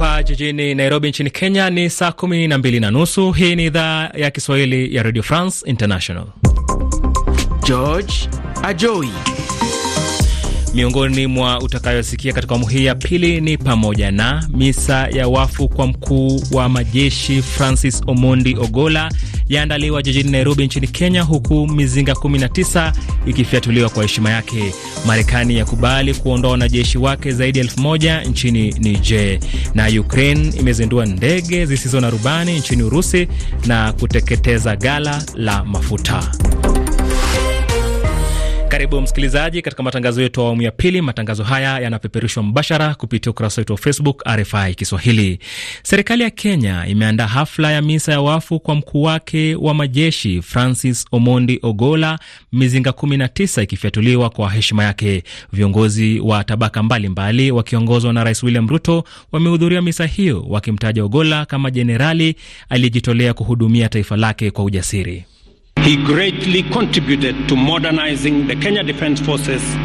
Hapa jijini Nairobi nchini Kenya ni saa kumi na mbili na nusu. Hii ni idhaa ya Kiswahili ya Radio France International. George Ajoi. Miongoni mwa utakayosikia katika awamu hii ya pili ni pamoja na misa ya wafu kwa mkuu wa majeshi Francis Omondi Ogola yaandaliwa jijini Nairobi nchini Kenya, huku mizinga 19 ikifyatuliwa kwa heshima yake. Marekani yakubali kuondoa wanajeshi wake zaidi ya elfu moja nchini Niger, na Ukraine imezindua ndege zisizo na rubani nchini Urusi na kuteketeza gala la mafuta. Karibu msikilizaji katika matangazo yetu awamu ya pili. Matangazo haya yanapeperushwa mbashara kupitia ukurasa wetu wa Facebook RFI Kiswahili. Serikali ya Kenya imeandaa hafla ya misa ya wafu kwa mkuu wake wa majeshi Francis Omondi Ogola, mizinga 19 ikifyatuliwa kwa heshima yake. Viongozi wa tabaka mbalimbali wakiongozwa na Rais William Ruto wamehudhuria misa hiyo wakimtaja Ogola kama jenerali aliyejitolea kuhudumia taifa lake kwa ujasiri.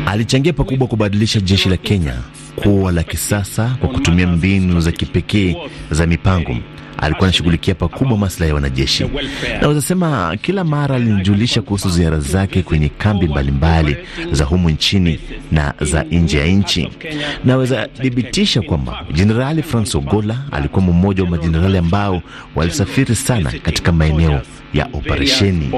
Alichangia pakubwa kubadilisha jeshi la Kenya kuwa la kisasa kwa kutumia mbinu za kipekee za mipango alikuwa anashughulikia pakubwa maslahi ya wanajeshi. Naweza sema kila mara alinijulisha kuhusu ziara zake kwenye kambi mbalimbali mbali za humu nchini na za nje ya nchi. Naweza thibitisha kwamba Jenerali Franc Ogola alikuwa mmoja wa majenerali ambao walisafiri sana katika maeneo ya operesheni.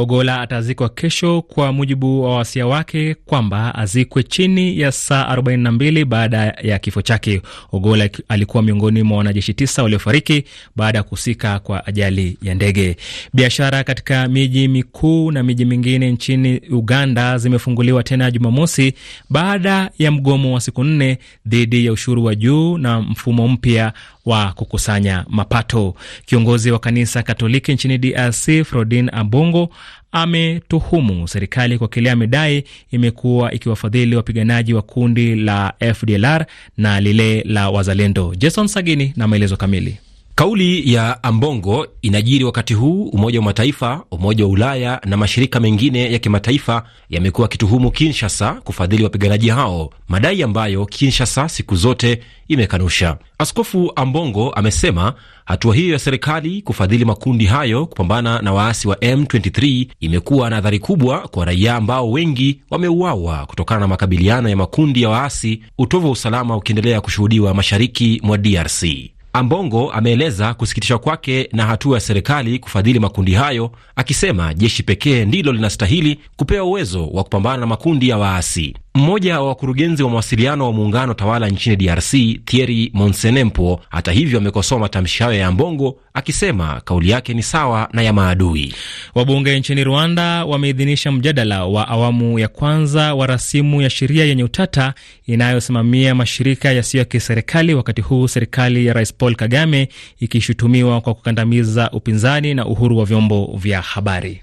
Ogola atazikwa kesho kwa mujibu wa wasia wake kwamba azikwe chini ya saa 42 baada ya kifo chake. Ogola alikuwa miongoni mwa wanajeshi tisa waliofariki baada ya kuhusika kwa ajali ya ndege. Biashara katika miji mikuu na miji mingine nchini Uganda zimefunguliwa tena Jumamosi baada ya mgomo wa siku nne dhidi ya ushuru wa juu na mfumo mpya wa kukusanya mapato. Kiongozi wa kanisa Katoliki nchini DRC Frodin Ambongo ametuhumu serikali kwa kile amedai imekuwa ikiwafadhili wapiganaji wa kundi la FDLR na lile la Wazalendo. Jason Sagini na maelezo kamili. Kauli ya Ambongo inajiri wakati huu Umoja wa Mataifa, Umoja wa Ulaya na mashirika mengine ya kimataifa yamekuwa yakituhumu Kinshasa kufadhili wapiganaji hao, madai ambayo Kinshasa siku zote imekanusha. Askofu Ambongo amesema hatua hiyo ya serikali kufadhili makundi hayo kupambana na waasi wa M23 imekuwa na athari kubwa kwa raia ambao wengi wameuawa kutokana na makabiliano ya makundi ya waasi, utovu wa usalama ukiendelea kushuhudiwa mashariki mwa DRC. Ambongo ameeleza kusikitishwa kwake na hatua ya serikali kufadhili makundi hayo, akisema jeshi pekee ndilo linastahili kupewa uwezo wa kupambana na makundi ya waasi. Mmoja wa wakurugenzi wa mawasiliano wa muungano tawala nchini DRC Thierry Monsenempo, hata hivyo, amekosoa matamshi hayo ya Mbongo akisema kauli yake ni sawa na ya maadui. Wabunge nchini Rwanda wameidhinisha mjadala wa awamu ya kwanza wa rasimu ya sheria yenye utata inayosimamia mashirika yasiyo ya kiserikali, wakati huu serikali ya Rais Paul Kagame ikishutumiwa kwa kukandamiza upinzani na uhuru wa vyombo vya habari.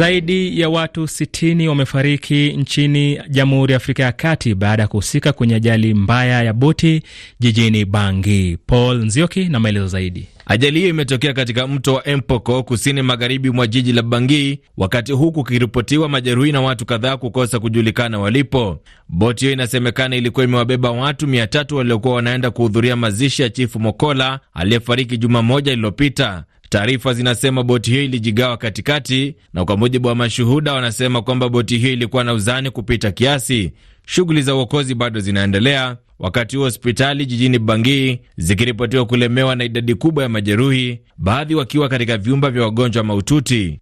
Zaidi ya watu 60 wamefariki nchini Jamhuri ya Afrika ya Kati baada ya kuhusika kwenye ajali mbaya ya boti jijini Bangi. Paul Nzioki na maelezo zaidi. Ajali hiyo imetokea katika mto wa Empoko kusini magharibi mwa jiji la bangi wakati huu kukiripotiwa majeruhi na watu kadhaa kukosa kujulikana walipo. Boti hiyo inasemekana ilikuwa imewabeba watu mia tatu waliokuwa wanaenda kuhudhuria mazishi ya Chifu Mokola aliyefariki juma moja lililopita. Taarifa zinasema boti hiyo ilijigawa katikati, na kwa mujibu wa mashuhuda wanasema kwamba boti hiyo ilikuwa na uzani kupita kiasi. Shughuli za uokozi bado zinaendelea, wakati huo hospitali jijini Bangui zikiripotiwa kulemewa na idadi kubwa ya majeruhi, baadhi wakiwa katika vyumba vya wagonjwa mahututi.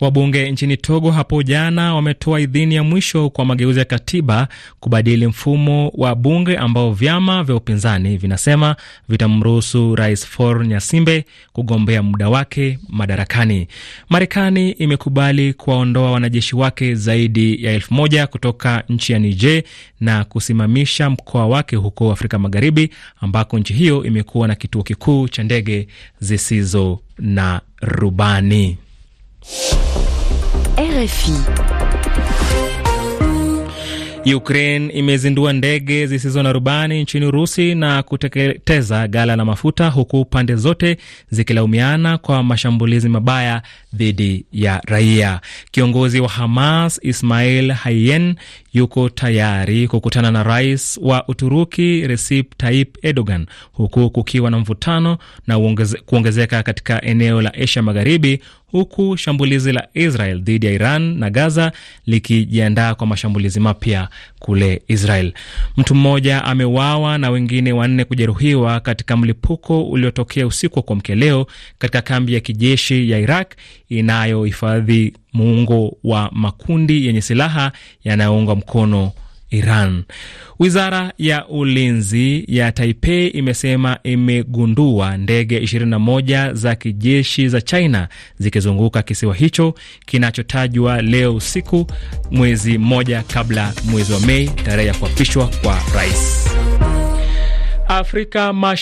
Wabunge nchini Togo hapo jana wametoa idhini ya mwisho kwa mageuzi ya katiba kubadili mfumo wa bunge ambao vyama vya upinzani vinasema vitamruhusu Rais Faure Nyasimbe kugombea muda wake madarakani. Marekani imekubali kuwaondoa wanajeshi wake zaidi ya elfu moja kutoka nchi ya Niger na kusimamisha mkoa wake huko Afrika Magharibi, ambako nchi hiyo imekuwa na kituo kikuu cha ndege zisizo na rubani. RFI. Ukraine imezindua ndege zisizo na rubani nchini Urusi na kuteketeza gala la mafuta huku pande zote zikilaumiana kwa mashambulizi mabaya dhidi ya raia. Kiongozi wa Hamas Ismail Hayen yuko tayari kukutana na rais wa Uturuki Recep Tayyip Erdogan, huku kukiwa na mvutano na uongeze, kuongezeka katika eneo la Asia Magharibi, huku shambulizi la Israel dhidi ya Iran na Gaza likijiandaa kwa mashambulizi mapya kule Israel. Mtu mmoja ameuawa na wengine wanne kujeruhiwa katika mlipuko uliotokea usiku wa kuamkia leo katika kambi ya kijeshi ya Iraq inayohifadhi muungo wa makundi yenye silaha yanayoungwa mkono Iran. Wizara ya ulinzi ya Taipei imesema imegundua ndege 21 za kijeshi za China zikizunguka kisiwa hicho kinachotajwa leo usiku, mwezi mmoja kabla mwezi wa Mei, tarehe ya kuapishwa kwa rais Afrika